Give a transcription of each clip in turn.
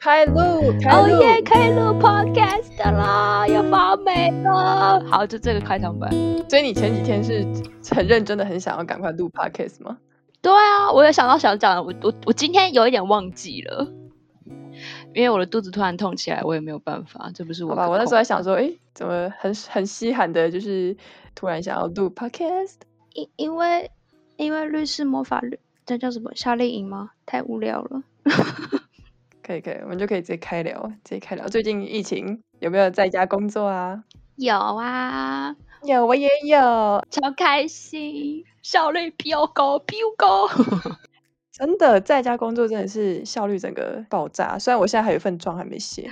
開錄，哦耶！開錄、oh yeah, podcast 了，要發霉了。好，就這個開場白。所以你前幾天是很認真的，很想要趕快錄 podcast 嗎？對啊，我有想到想講的，我我我今天有一點忘記了，因為我的肚子突然痛起來，我也沒有辦法。這不是我的。好吧，我那時候還想說，哎、欸，怎麼很很稀罕的，就是突然想要錄 podcast？因因為因為因為律師魔法律這叫什麼？夏令營嗎？太無聊了。 可以可以，我們就可以直接開聊，直接開聊。最近疫情有沒有在家工作啊？有啊，有我也有，超開心，效率比較高，比較高。 真的在家工作真的是效率整個爆炸，雖然我現在還有一份狀還沒寫，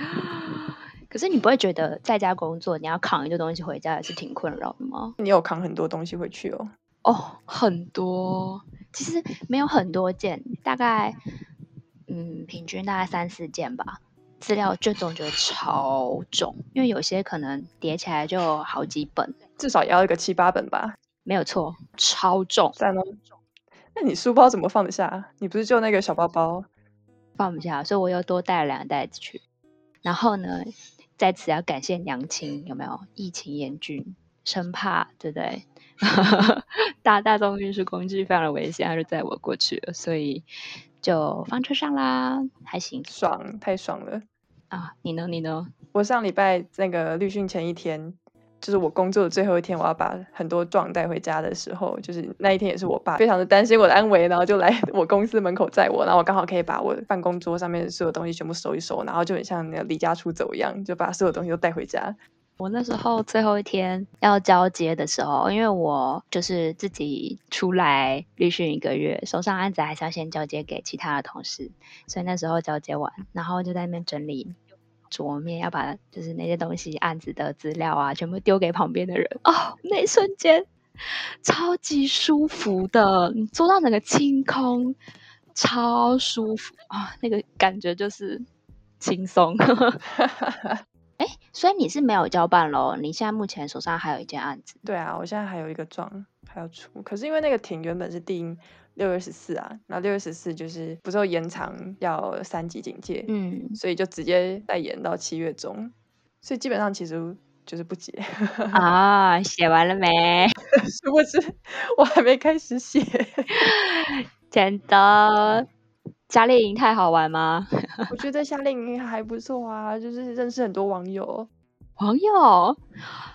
可是你不會覺得在家工作你要扛一個東西回家也是挺困擾的嗎？你有扛很多東西回去哦。哦，oh, 很多，其實沒有很多件，大概。嗯，平均大概三四件吧。資料就總覺得超重，因為有些可能疊起來就好幾本，至少也要一個七八本吧。沒有錯，超重，真那，那你書包怎麼放得下？你不是就那個小包包放不下，所以我又多帶了兩個袋子去。然後呢，在此要感謝娘親，有沒有？疫情嚴峻，生怕對不對？ 大大眾運輸工具非常的危險，還是載我過去，所以。就放車上啦，還行，爽，太爽了啊！你呢？你呢？我上禮拜那個律訓前一天，就是我工作的最後一天，我要把很多狀帶回家的時候，就是那一天也是我爸非常的擔心我的安危，然後就來我公司門口載我，然後我剛好可以把我辦公桌上面所有的東西全部收一收，然後就很像那個離家出走一樣，就把所有東西都帶回家。我那時候最後一天要交接的時候，因為我就是自己出來律訓一個月，手上案子還是要先交接給其他的同事，所以那時候交接完，然後就在那邊整理桌面，要把就是那些東西、案子的資料啊，全部丟給旁邊的人。哦，那一瞬間超級舒服的，你做到整個清空，超舒服啊，哦，那個感覺就是輕鬆。 哎，所以你是沒有交辦咯？你現在目前手上還有一件案子。對啊，我現在還有一個狀還要出，可是因為那個庭原本是定六月十四啊，然後六月十四就是不受延長，要三級警戒，嗯，所以就直接再延到七月中，所以基本上其實就是不接啊。哦，寫完了沒？是不是？我還沒開始寫，真的走。啊夏令營太好玩嗎？ 我覺得夏令營還不錯啊，就是認識很多網友。網友，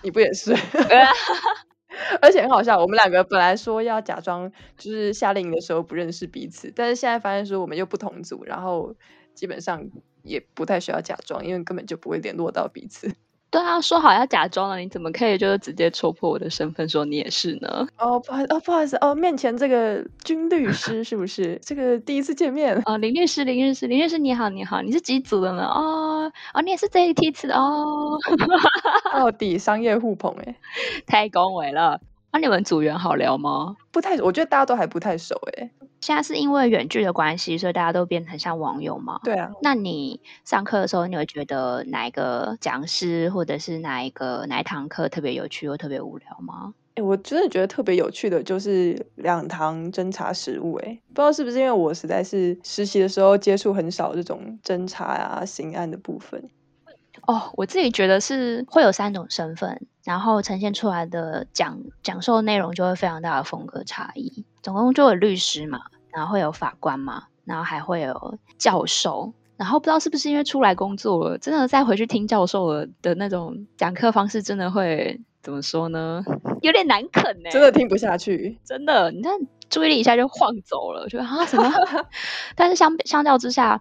你不也是？ 而且很好笑，我們兩個本來說要假裝就是夏令營的時候不認識彼此，但是現在發現說我們又不同組，然後基本上也不太需要假裝，因為根本就不會聯絡到彼此。對啊，說好要假裝了，你怎麼可以就是直接戳破我的身份，說你也是呢？哦，不，哦，不好意思，哦，面前這個軍律師是不是 這個第一次見面？啊、哦，林律師，林律師，林律師，你好，你好，你是幾組的呢？哦，哦，你也是一 t 組的哦， 到底商業互捧哎、欸，太恭維了。那、啊、你們組員好聊嗎？不太，我覺得大家都還不太熟哎、欸。現在是因為遠距的關係，所以大家都變成像網友嘛。對啊。那你上課的時候，你有覺得哪一個講師，或者是哪一個哪一堂課特別有趣，又特別無聊嗎？哎、欸，我真的覺得特別有趣的，就是兩堂偵查實務、欸。哎，不知道是不是因為我實在是實習的時候接觸很少這種偵查啊、刑案的部分。哦，oh, 我自己覺得是會有三種身份，然後呈現出來的講講授內容就會非常大的風格差異。總共就有律師嘛，然後會有法官嘛，然後還會有教授。然後不知道是不是因為出來工作了，真的再回去聽教授了的那種講課方式，真的會怎麼說呢？有點難啃哎、欸，真的聽不下去，真的，你看注意力一下就晃走了，就啊什麼啊？ 但是相相較之下，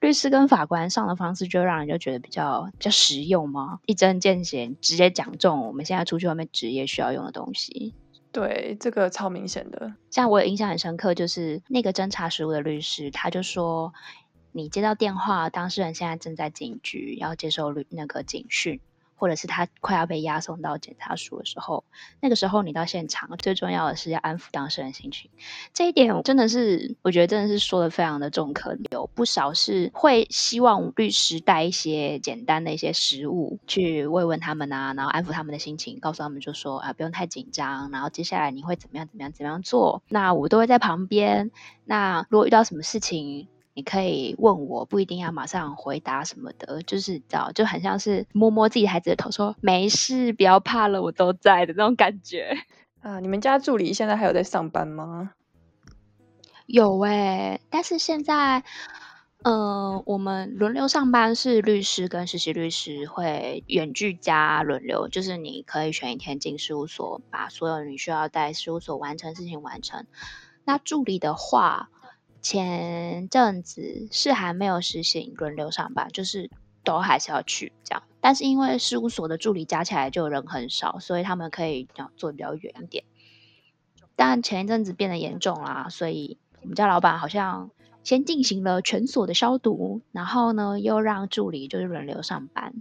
律師跟法官上的方式，就讓人就覺得比較比較實用嗎？一針見血，直接講中，我們現在出去外面執業需要用的東西，對，這個超明顯的。像我有印象很深刻，就是那個偵查實務的律師，他就說：“你接到電話，當事人現在正在警局，要接受律那個警訊。”或者是他快要被押送到檢察署的時候，那個時候你到現場，最重要的是要安撫當事人心情。這一點真的是，我覺得真的是說的非常的中肯，有不少是會希望律師帶一些簡單的一些食物去慰問他們啊，然後安撫他們的心情，告訴他們就說啊，不用太緊張，然後接下來你會怎麼樣怎麼樣怎麼樣做，那我都會在旁邊。那如果遇到什麼事情，你可以問我，不一定要馬上回答什麼的，就是知道就很像是摸摸自己孩子的頭說，說沒事，不要怕了，我都在的那種感覺啊、呃。你們家助理現在還有在上班嗎？有哎、欸，但是現在，嗯、呃，我們輪流上班，是律師跟實習律師會遠距加輪流，就是你可以選一天進事務所，把所有你需要在事務所完成事情完成。那助理的話。前陣子是還沒有實行輪流上班，就是都還是要去這樣。但是因為事務所的助理加起來就人很少，所以他們可以這樣做比較遠一點。但前一陣子變得嚴重啦，所以我們家老板好像先進行了全所的消毒，然後呢，又讓助理就是輪流上班。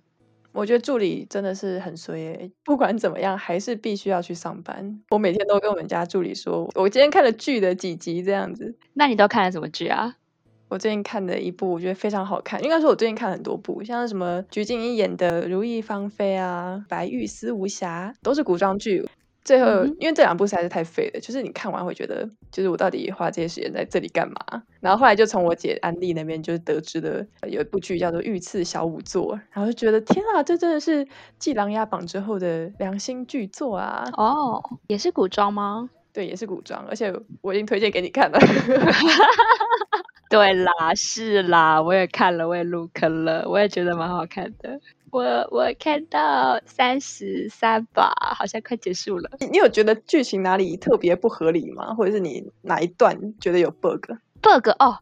我覺得助理真的是很衰欸，不管怎麼樣還是必須要去上班。我每天都跟我們家助理說，我今天看了劇的幾集這樣子。那你都看了什麼劇啊？我最近看的一部我覺得非常好看，應該說我最近看了很多部，像什麼鞠婧禕演的《如意芳菲》啊，《白玉思無瑕》都是古裝劇。最後，嗯、哼因為這兩部實在是太廢了，就是你看完會覺得，就是我到底花這些時間在這裡幹嘛？然後後來就從我姐安利那邊就得知的，有一部劇叫做《御賜小仵作》，然後就覺得天啊，這真的是繼《琅琊榜》之後的良心劇作啊！哦，也是古裝嗎？對，也是古裝，而且我已經推薦給你看了。 對啦，是啦，我也看了，我也入坑了，我也覺得蠻好看的。我我看到三十三吧，好像快結束了。你你有覺得劇情哪裡特別不合理嗎？或者是你哪一段覺得有 bug？bug bug，哦，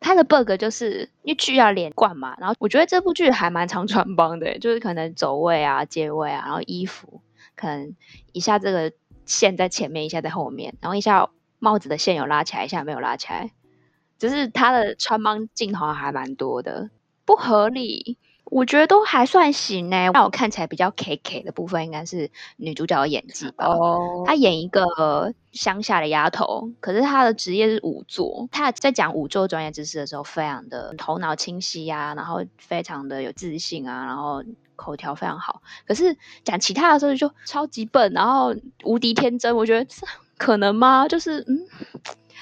它的 bug 就是，因為劇要連貫嘛。然後我覺得這部劇還蠻常穿幫的，就是可能走位啊、借位啊，然後衣服可能一下這個線在前面，一下在後面，然後一下帽子的線有拉起來，一下沒有拉起來，就是它的穿幫鏡頭還蠻多的，不合理。我覺得都還算行，哎、欸，讓我看起來比較 K K 的部分應該是女主角的演技吧。Oh. 她演一個鄉下的丫頭，可是她的職業是仵作。她在講仵作專業知識的時候，非常的頭腦清晰啊，然後非常的有自信啊，然後口條非常好。可是講其他的時候就超級笨，然後無敵天真。我覺得可能嗎？就是嗯，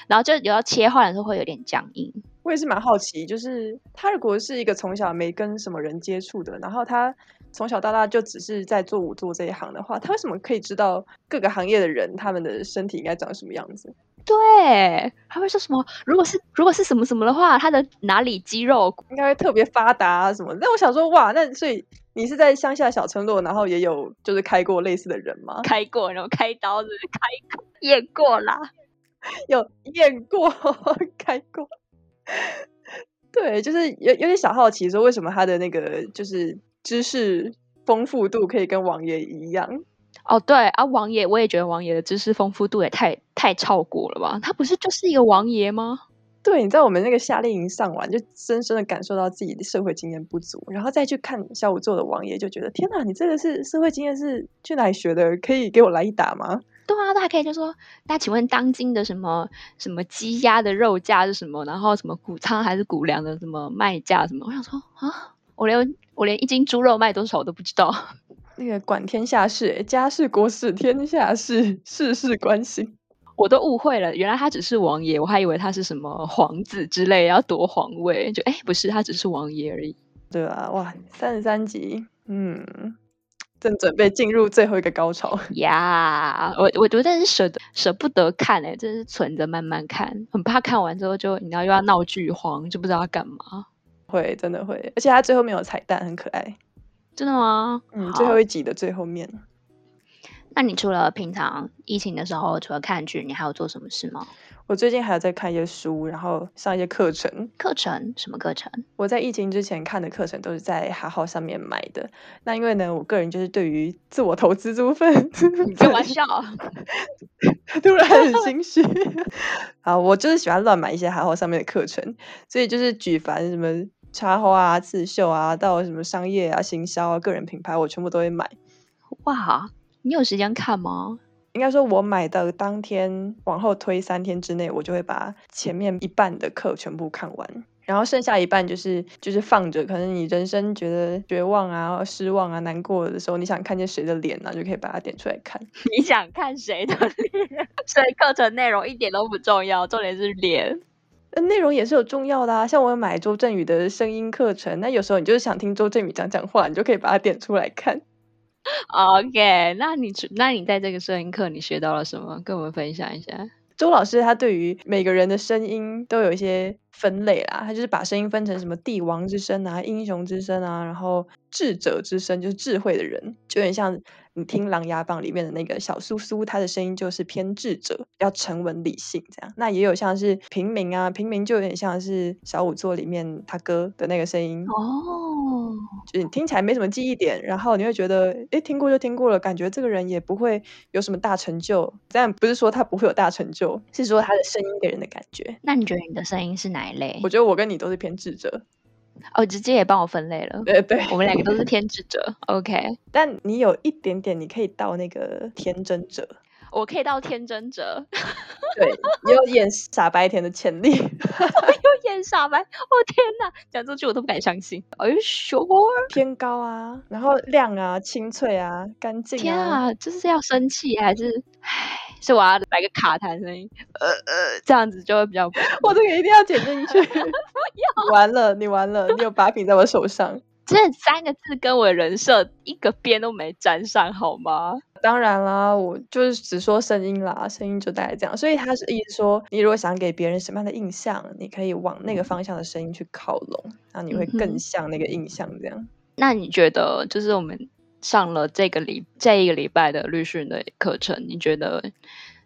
然後就有要切換的時候會有點僵硬。我也是蠻好奇，就是他如果是一個從小沒跟什麼人接觸的，然後他從小到大就只是在做仵作這一行的話，他為什麼可以知道各個行業的人他們的身體應該長什麼樣子？對，他會說什麼？如果是如果是什麼什麼的話，他的哪裡肌肉應該會特別發達、啊、什麼的？那我想說，哇，那所以你是在鄉下小村落，然後也有就是開過類似的人嗎？開過，然後開刀子，開，驗過啦，有驗過，開過。 對，就是有有點小好奇，說為什麼他的那個就是知識豐富度可以跟王爺一樣？哦、oh，對啊，王爺，我也覺得王爺的知識豐富度也太太超過了吧？他不是就是一個王爺嗎？對，你在我們那個夏令營上完，就深深的感受到自己的社會經驗不足，然後再去看小五做的王爺，就覺得天哪，你這個是社會經驗是去哪裡學的？可以給我來一打嗎？對啊，都還可以。就說，那請問當今的什麼什麼雞鴨的肉價是什麼？然後什麼穀倉還是穀糧的什麼賣價什麼？我想說啊，我連我連一斤豬肉賣多少都不知道。那個管天下事，欸，家事國事天下事，事事關心。我都誤會了，原來他只是王爺，我還以為他是什麼皇子之類要奪皇位，就哎，不是，他只是王爺而已。對啊，哇，三十三集，嗯。正準備進入最後一個高潮，呀、yeah！我我覺得真是捨得捨不得看誒、欸、真、就是存着慢慢看，很怕看完之後就你知道又要鬧劇荒，就不知道要幹嘛。會真的會，而且它最後面有彩蛋，很可愛。真的嗎？嗯，好最後一集的最後面。那你除了平常疫情的時候，除了看劇，你還有做什麼事嗎？我最近還有在看一些書，然後上一些課程。課程？什麼課程？我在疫情之前看的課程都是在哈號上面買的。那因為呢，我個人就是對於自我投資這部分，你開玩笑、啊， 突然很心虛啊！ 我就是喜歡亂買一些哈號上面的課程，所以就是舉凡什麼插花啊、刺繡啊，到什麼商業啊、行銷啊、個人品牌，我全部都會買。哇，你有時間看嗎？應該說，我買的當天往後推三天之內，我就會把前面一半的課全部看完，然後剩下一半就是就是放着。可能你人生覺得絕望啊、失望啊、難過的時候，你想看見誰的臉，那就可以把它點出來看。你想看誰的臉？所以課程內容一點都不重要，重點是臉。呃，內容也是有重要的啊，像我買周震宇的聲音課程，那有時候你就是想聽周震宇講講話，你就可以把它點出來看。 OK，那你那你在這個聲音課你學到了什麼？跟我們分享一下。周老師他對於每個人的聲音都有一些。分類啦，他就是把聲音分成什麼帝王之聲啊、英雄之聲啊，然後智者之聲，就是智慧的人，就有點像你聽《琅琊榜》裡面的那個小蘇蘇，他的聲音就是偏智者，要沉穩理性這樣。那也有像是平民啊，平民就有點像是小仵作裡面他哥的那個聲音哦，oh. 就你聽起來沒什麼記憶點，然後你會覺得哎，聽過就聽過了，感覺這個人也不會有什麼大成就，但不是說他不會有大成就，是說他的聲音給人的感覺。那你覺得你的聲音是哪？我覺得我跟你都是偏智者，哦，直接也幫我分類了，對對，對我們兩個都是偏智者 ，OK，但你有一點點，你可以到那個天真者，我可以到天真者， 對，你有演傻白甜的潛力， 有演傻白，我、oh, 天哪，講出去我都不敢相信，哎，胸偏高啊，然後亮啊，清脆啊，乾淨，天啊，這是要生氣還是？是我要來個卡痰聲音，呃呃，這樣子就會比較。我這個一定要剪進去。 有 完了，你完了，你有把柄在我手上。這三個字跟我的人設一個邊都沒沾上，好嗎？當然啦，我就是只說聲音啦，聲音就大概這樣。所以他是意思說，你如果想給別人什麼樣的印象，你可以往那個方向的聲音去靠攏，那你會更像那個印象這樣。嗯、那你覺得，就是我們？上了這個禮這一個禮拜的律訓的課程，你覺得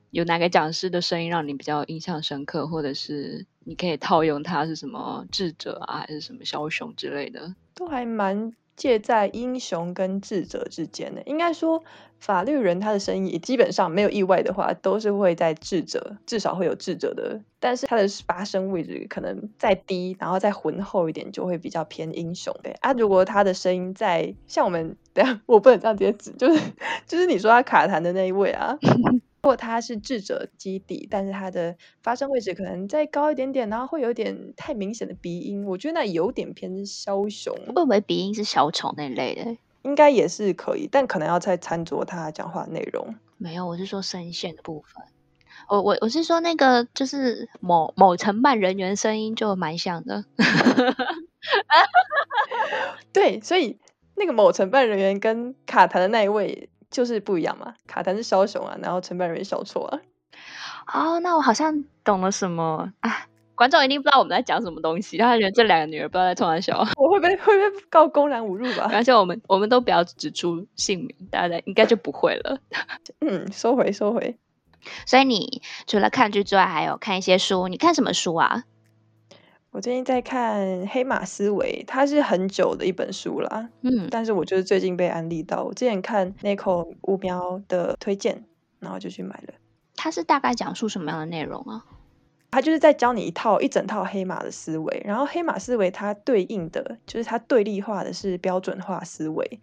有哪個講師的聲音讓你比較印象深刻，或者是你可以套用他是什麼智者啊，還是什麼梟雄之類的，都還蠻。介在英雄跟智者之間的，應該說法律人他的聲音也基本上沒有意外的話，都是會在智者，至少會有智者的，但是他的發聲位置可能再低，然後再渾厚一點，就會比較偏英雄。對啊，如果他的聲音在像我們，等下我不能這樣直接指，就是就是你說他卡痰的那一位啊。 如果他是智者基底，但是他的發聲位置可能再高一點點，然後會有點太明顯的鼻音，我覺得那有點偏梟雄。我以為鼻音是小丑那類的，應該也是可以，但可能要再參照他講話內容。沒有，我是說聲線的部分。我我我是說那個就是某某承辦人員聲音就蠻像的。 對，所以那個某承辦人員跟卡塔的那一位，就是不一樣嘛，卡丹是梟雄啊，然後承辦人是小錯啊。哦，oh, 那我好像懂了什麼啊！觀眾一定不知道我們在講什麼東西，然後覺得這兩個女人不知道在偷歡笑。我會被會被告公然侮辱吧？而且我們我們都不要指出姓名，大家應該就不會了。 嗯，收回收回。回，所以你除了看劇之外，還有看一些書，你看什麼書啊？我最近在看《黑馬思維》，它是很久的一本書啦。嗯，但是我就是最近被安利到，我之前看 Nicole 五喵的推薦，然後就去買了。它是大概講述什麼樣的內容啊？它就是在教你一套一整套黑馬的思維，然後黑馬思維它對應的就是它對立化的是標準化思維。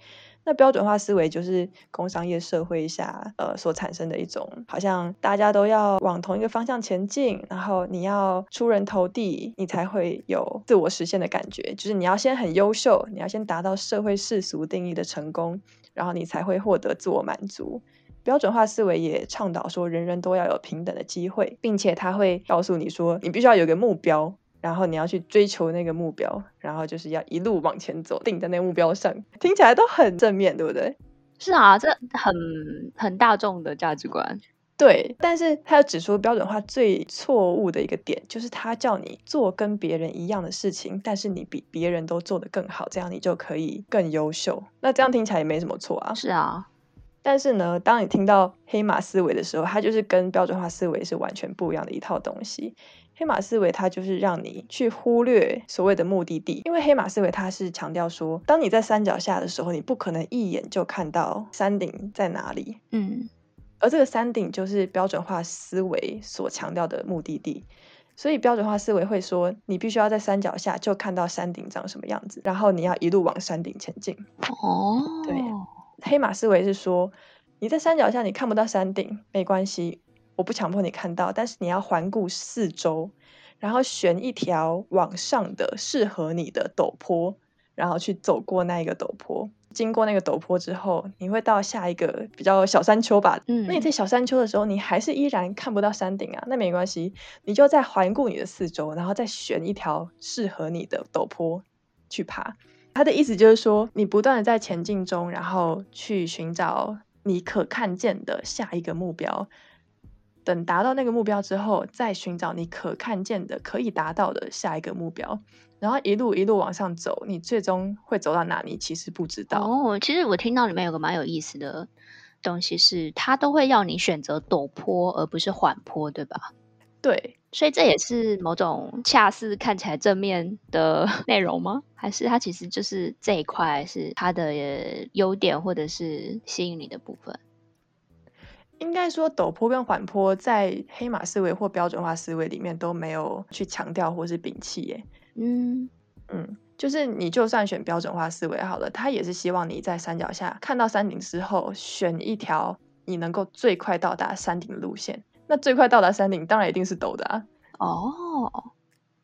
那標準化思維就是工商業社會下，呃，所產生的一種，好像大家都要往同一個方向前進，然後你要出人頭地，你才會有自我實現的感覺，就是你要先很優秀，你要先達到社會世俗定義的成功，然後你才會獲得自我滿足。標準化思維也倡導說，人人都要有平等的機會，並且他會告訴你說，你必須要有個目標。然後你要去追求那個目標，然後就是要一路往前走，定在那個目標上，聽起來都很正面，對不對？是啊，這很很大眾的價值觀。對，但是他又指出標準化最錯誤的一個點，就是他叫你做跟別人一樣的事情，但是你比別人都做得更好，這樣你就可以更優秀。那這樣聽起來也沒什麼錯啊。是啊，但是呢，當你聽到黑馬思維的時候，它就是跟標準化思維是完全不一樣的一套東西。黑馬思維，它就是讓你去忽略所謂的目的地，因為黑馬思維它是強調說，當你在山腳下的時候，你不可能一眼就看到山頂在哪裡。嗯，而這個山頂就是標準化思維所強調的目的地，所以標準化思維會說，你必須要在山腳下就看到山頂長什麼樣子，然後你要一路往山頂前進。哦，對，黑馬思維是說，你在山腳下你看不到山頂，沒關係。我不強迫你看到，但是你要環顧四周，然後選一條往上的適合你的陡坡，然後去走過那一個陡坡。經過那個陡坡之後，你會到下一個比較小山丘吧？嗯，那你在小山丘的時候，你還是依然看不到山頂啊，那沒關係，你就再環顧你的四周，然後再選一條適合你的陡坡去爬。他的意思就是說，你不斷的在前進中，然後去尋找你可看見的下一個目標。等達到那個目標之後，再尋找你可看見的、可以達到的下一個目標，然後一路一路往上走，你最終會走到哪？你其實不知道。哦，其實我聽到裡面有個蠻有意思的東西是，是他都會要你選擇陡坡而不是緩坡，對吧？對，所以這也是某種恰似看起來正面的內容嗎？還是它其實就是這一塊是它的優點，或者是吸引你的部分？應該說，陡坡跟緩坡在黑馬思維或標準化思維裡面都沒有去強調或是摒棄耶。嗯嗯，就是你就算選標準化思維好了，他也是希望你在山腳下看到山頂之後，選一條你能夠最快到達山頂的路線。那最快到達山頂，當然一定是陡的啊。哦，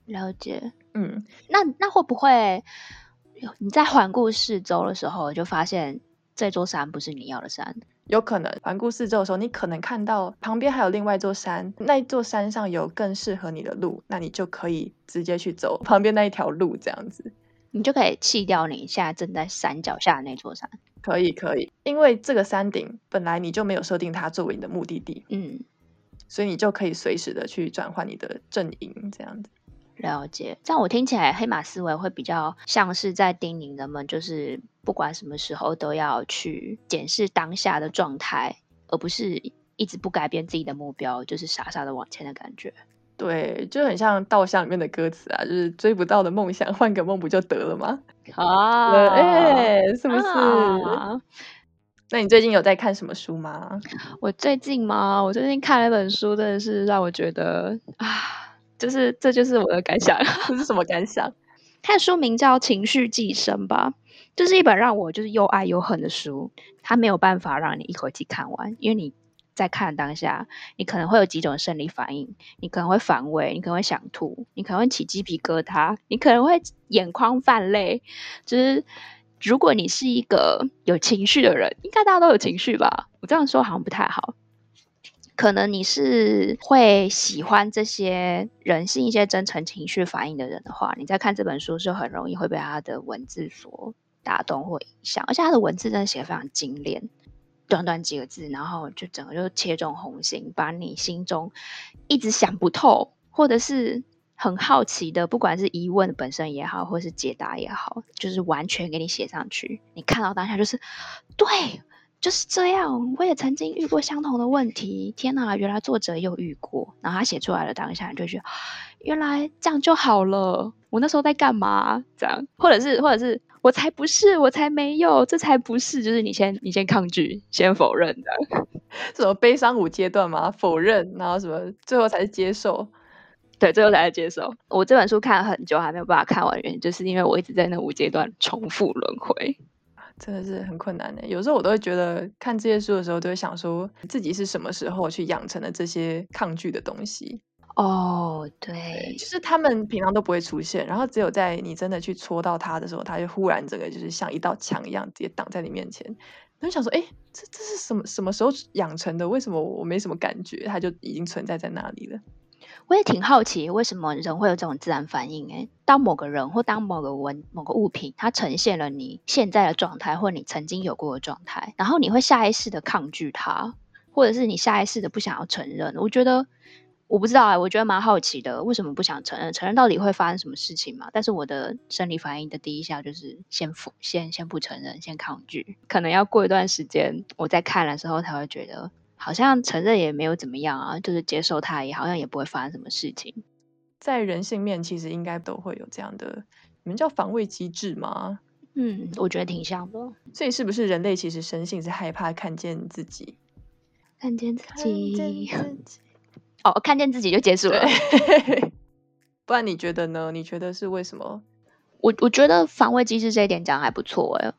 了解。嗯，那那會不會你在環顧四周的時候，就發現這座山不是你要的山？有可能，環顧四周的時候，你可能看到旁邊還有另外一座山，那座山上有更適合你的路，那你就可以直接去走旁邊那一條路，這樣子，你就可以棄掉你現在正在山腳下的那座山。可以，可以，因為這個山頂本來你就沒有設定它作為你的目的地，嗯，所以你就可以隨時的去轉換你的陣營，這樣子。了解，但我聽起來，黑馬思維會比較像是在叮嚀人們，就是不管什麼時候都要去檢視當下的狀態，而不是一直不改變自己的目標，就是傻傻的往前的感覺。對，就很像稻香裡面的歌詞啊，就是追不到的夢想，換個夢不就得了嗎？啊，哎、欸，是不是？啊、那你最近有在看什麼書嗎？我最近嗎？我最近看了一本書，真的是讓我覺得啊。就是，這就是我的感想。是什麼感想？它的書名叫《情緒寄生》吧，就是一本讓我就是又愛又恨的書。它沒有辦法讓你一口氣看完，因為你在看當下，你可能會有幾種生理反應：你可能會反胃，你可能會想吐，你可能會起雞皮疙瘩，你可能會眼眶泛淚。就是如果你是一個有情緒的人，應該大家都有情緒吧？我這樣說好像不太好。可能你是會喜歡這些人性一些真誠情緒反應的人的話，你在看這本書的時候很容易會被他的文字所打動或影響，而且他的文字真的寫得非常精煉，短短幾個字，然後就整個就切中紅心，把你心中一直想不透或者是很好奇的，不管是疑問本身也好，或是解答也好，就是完全給你寫上去，你看到當下就是對。就是這樣，我也曾經遇過相同的問題。天哪，原來作者也有遇過，然後他寫出來了，當下你就覺得原來這樣就好了。我那時候在幹嘛啊？這樣，或者是，或者是我才不是，我才沒有，這才不是。就是你先，你先抗拒，先否認，這樣 這種悲傷五階段嘛，否認，然後什麼，最後才是接受。對，最後才是接受。我這本書看了很久，還沒有辦法看完，原因就是因為我一直在那五階段重複輪迴。真的是很困難呢，有時候我都會覺得看這些書的時候，都會想說自己是什麼時候去養成了這些抗拒的東西。哦，oh, 對，就是他們平常都不會出現，然後只有在你真的去戳到他的時候，他就忽然這個就是像一道牆一樣直接擋在你面前。你就想說，哎、欸，這這是什麼什麼時候養成的？為什麼我沒什麼感覺，它就已經存在在那裡了？我也挺好奇，為什麼人會有這種自然反應、欸？誒，當某個人或當某個文某個物品，它呈現了你現在的狀態或你曾經有過的狀態，然後你會下意識的抗拒它，或者是你下意識的不想要承認。我覺得，我不知道啊、欸，我覺得蠻好奇的，為什麼不想承認？承認到底會發生什麼事情嘛？但是我的生理反應的第一下就是先不先先不承認，先抗拒，可能要過一段時間，我在看的時候才會覺得。好像承認也沒有怎麼樣啊，就是接受他也好像也不會發生什麼事情。在人性面，其實應該都會有這樣的，你們叫防衛機制嗎？嗯，我覺得挺像的。所以是不是人類其實生性是害怕看見自己？看見自己，看見自己。 哦，看見自己就結束了。對 不然你覺得呢？你覺得是為什麼？我我覺得防衛機制這一點講還不錯欸。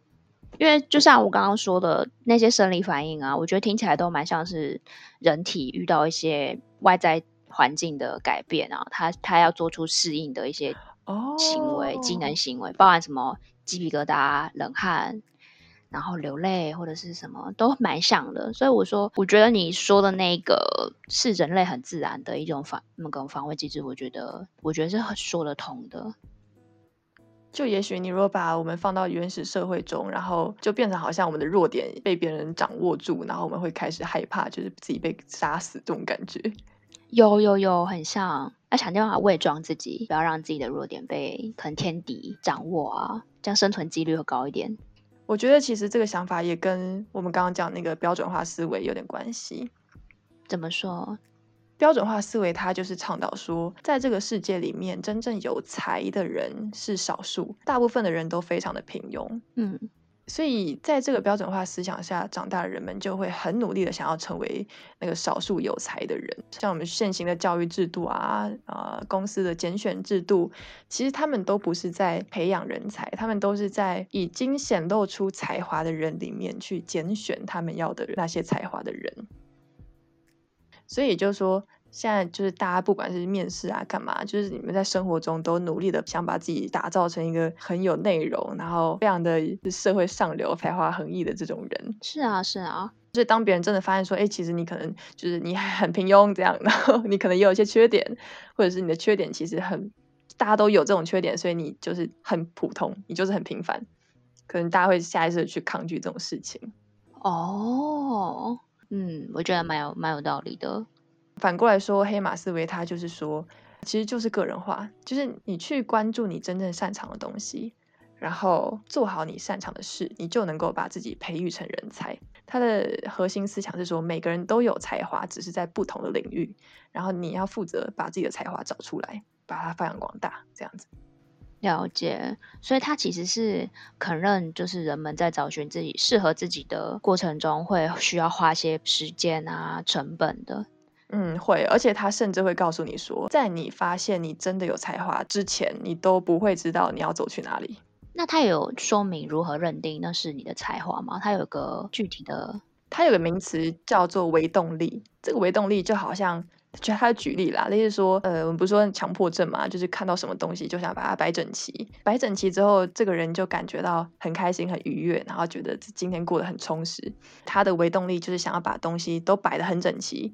因為就像我剛剛說的那些生理反應啊，我覺得聽起來都蠻像是人體遇到一些外在環境的改變啊，他他要做出適應的一些哦行為、機能行為，oh. 包含什麼雞皮疙瘩、冷汗，然後流淚或者是什麼，都蠻像的。所以我說，我覺得你說的那個是人類很自然的一種防，那個防衛機制，我覺得我覺得是很說得通的。就也許你若把我們放到原始社會中，然後就變成好像我們的弱點被別人掌握住，然後我們會開始害怕，就是自己被殺死這種感覺。有有有，很像要想辦法偽裝自己，不要讓自己的弱點被可能天敵掌握啊，這樣生存幾率會高一點。我覺得其實這個想法也跟我們剛剛講那個標準化思維有點關係。怎麼說？標準化思維，它就是倡導說，在這個世界裡面，真正有才的人是少數，大部分的人都非常的平庸。嗯，所以在這個標準化思想下長大的人們，就會很努力的想要成為那個少數有才的人。像我們現行的教育制度啊，啊、呃，公司的揀選制度，其實他們都不是在培養人才，他們都是在已經顯露出才華的人裡面去揀選他們要的那些才華的人。所以也就是說，現在就是大家不管是面試啊，幹嘛，就是你們在生活中都努力的想把自己打造成一個很有內容，然後非常的社會上流、才華橫溢的這種人。是啊，是啊。所以當別人真的發現說，哎、欸，其實你可能就是你很平庸這樣的，然後你可能也有一些缺點，或者是你的缺點其實很，大家都有這種缺點，所以你就是很普通，你就是很平凡，可能大家會下意識的去抗拒這種事情。哦。嗯，我覺得蠻有蠻有道理的。反過來說，黑馬思維它就是說，其實就是個人化，就是你去關注你真正擅長的東西，然後做好你擅長的事，你就能夠把自己培育成人才。他的核心思想是說，每個人都有才華，只是在不同的領域，然後你要負責把自己的才華找出來，把它發揚光大，這樣子。了解，所以他其實是肯認，就是人們在找尋自己適合自己的過程中，會需要花些時間啊、成本的。嗯，會，而且他甚至會告訴你說，在你發現你真的有才華之前，你都不會知道你要走去哪裡。那他有說明如何認定那是你的才華嗎？他有個具體的，他有個名詞叫做微動力。這個微動力就好像。就他舉例啦，例如說，呃，我們不是說強迫症嘛，就是看到什麼東西就想把它擺整齊，擺整齊之後，這個人就感覺到很開心、很愉悅，然後覺得今天過得很充實。他的唯動力就是想要把東西都擺得很整齊，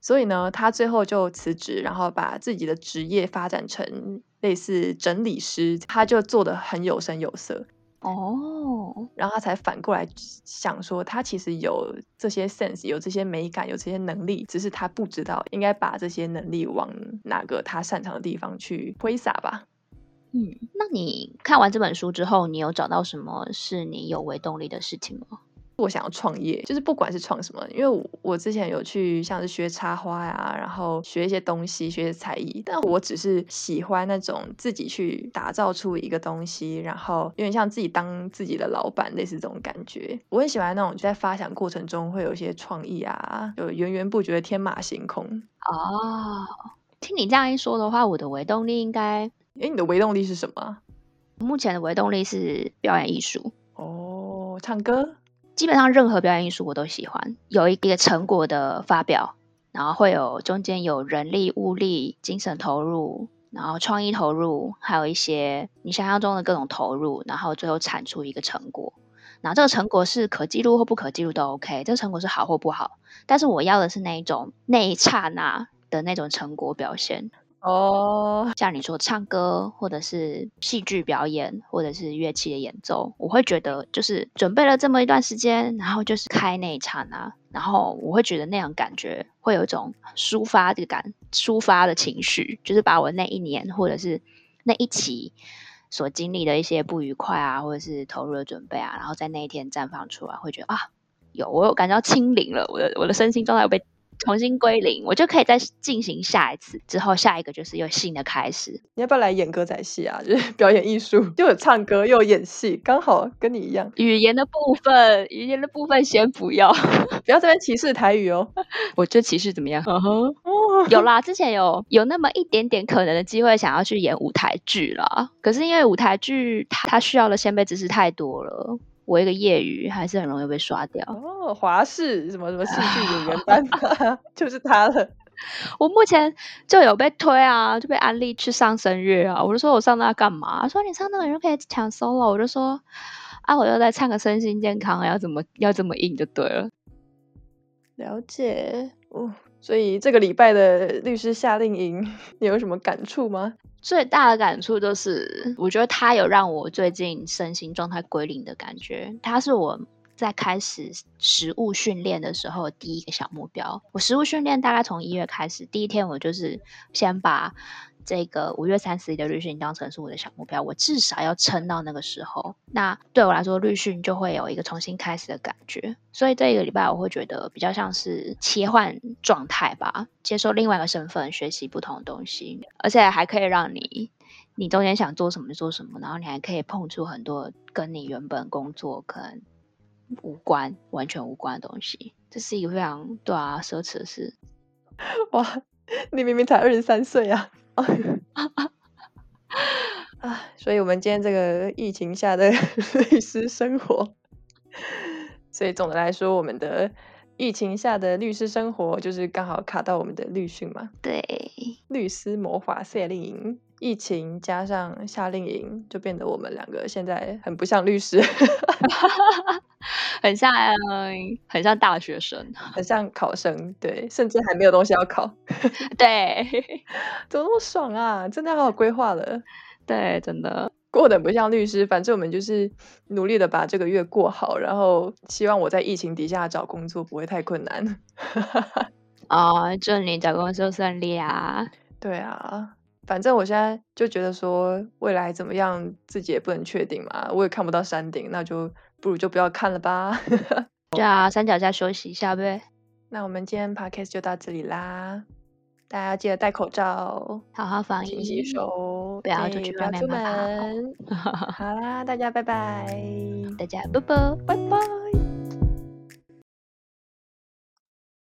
所以呢，他最後就辭職，然後把自己的職業發展成類似整理師，他就做得很有聲有色。哦，oh. 然後他才反過來想說，他其實有這些 sense，有這些美感，有這些能力，只是他不知道應該把這些能力往哪個他擅長的地方去揮灑吧。嗯，那你看完這本書之後，你有找到什麼是你有為動力的事情嗎？我想要創業，就是不管是創什麼，因為我，我之前有去像是學插花呀、啊，然後學一些東西，學些才藝。但我只是喜歡那種自己去打造出一個東西，然後有點像自己當自己的老闆，類似這種感覺。我很喜歡那種在發想過程中會有一些創意啊，有源源不絕、天馬行空哦，oh, 聽你這樣一說的話，我的微動力應該……哎、欸，你的微動力是什麼？目前的微動力是表演藝術哦，oh, 唱歌。基本上任何表演藝術我都喜歡，有一個成果的發表，然後會有中間有人力、物力、精神投入，然後創意投入，還有一些你想象中的各種投入，然後最後產出一個成果。然後這個成果是可記錄或不可記錄都 OK，這個成果是好或不好，但是我要的是那一種那一剎那的那種成果表現。哦，oh. 像你說唱歌，或者是戲劇表演，或者是樂器的演奏，我會覺得就是準備了這麼一段時間，然後就是開那一場啊，然後我會覺得那樣感覺會有一種抒發的感，抒發的情緒，就是把我那一年或者是那一期所經歷的一些不愉快啊，或者是投入的準備啊，然後在那一天綻放出來，會覺得啊，有，我有感覺到清零了，我的我的身心狀態又被。重新歸零，我就可以再進行下一次。之後下一個就是有新的開始。你要不要來演歌仔戲啊？就是表演藝術，又有唱歌又有演戲，剛好跟你一樣。語言的部分，語言的部分先不要， 不要這邊歧視台語哦。我覺得歧視怎麼樣？Uh huh. uh huh. 有啦，之前有有那麼一點點可能的機會想要去演舞台劇啦。可是因為舞台劇它，它需要的先備知識太多了。我一個業餘，還是很容易被刷掉。哦，華視什麼什麼戲劇演員班 就是他了。我目前就有被推啊，就被安利去上聲樂啊。我就說我上那幹嘛？說你上那個就可以搶 solo。我就說，啊，我要再唱個身心健康，要怎麼，要怎麼硬就對了。了解哦。所以這個禮拜的律師夏令營，你有什麼感觸嗎？最大的感觸就是，我覺得它有讓我最近身心狀態歸零的感覺。它是我在開始實務訓練的時候第一個小目標。我實務訓練大概從一月開始，第一天我就是先把。這個五月三十日的律訓當成是我的小目標，我至少要撐到那個時候。那對我來說，律訓就會有一個重新開始的感覺。所以這一個禮拜我會覺得比較像是切換狀態吧，接受另外一個身份，學習不同的東西，而且還可以讓你，你中間想做什麼就做什麼，然後你還可以碰觸很多跟你原本工作可能無關、完全無關的東西。這是一個非常對啊奢侈的事。哇，你明明才二十三歲啊！ 啊，所以，我們今天這個疫情下的律師生活，所以總的來說，我們的疫情下的律師生活就是剛好卡到我們的律訓嘛。對，律師魔法夏令營，疫情加上夏令營，就變得我們兩個現在很不像律師。 很像，很像大學生，很像考生，對，甚至還沒有東西要考， 對，怎麼那麼爽啊？真的要好好規劃了，對，真的過得不像律師，反正我們就是努力的把這個月過好，然後希望我在疫情底下找工作不會太困難。 哦，祝你找工作順利啊！對啊，反正我現在就覺得說未來怎麼樣，自己也不能確定嘛，我也看不到山頂，那就。不如就不要看了吧， 就好、啊、三腳架休息一下唄。那我們今天 podcast 就到這裡啦，大家要記得戴口罩，好好防疫，洗，洗手，不要出去對不要出門，出門 好啦，大家拜拜，大家拜拜拜拜。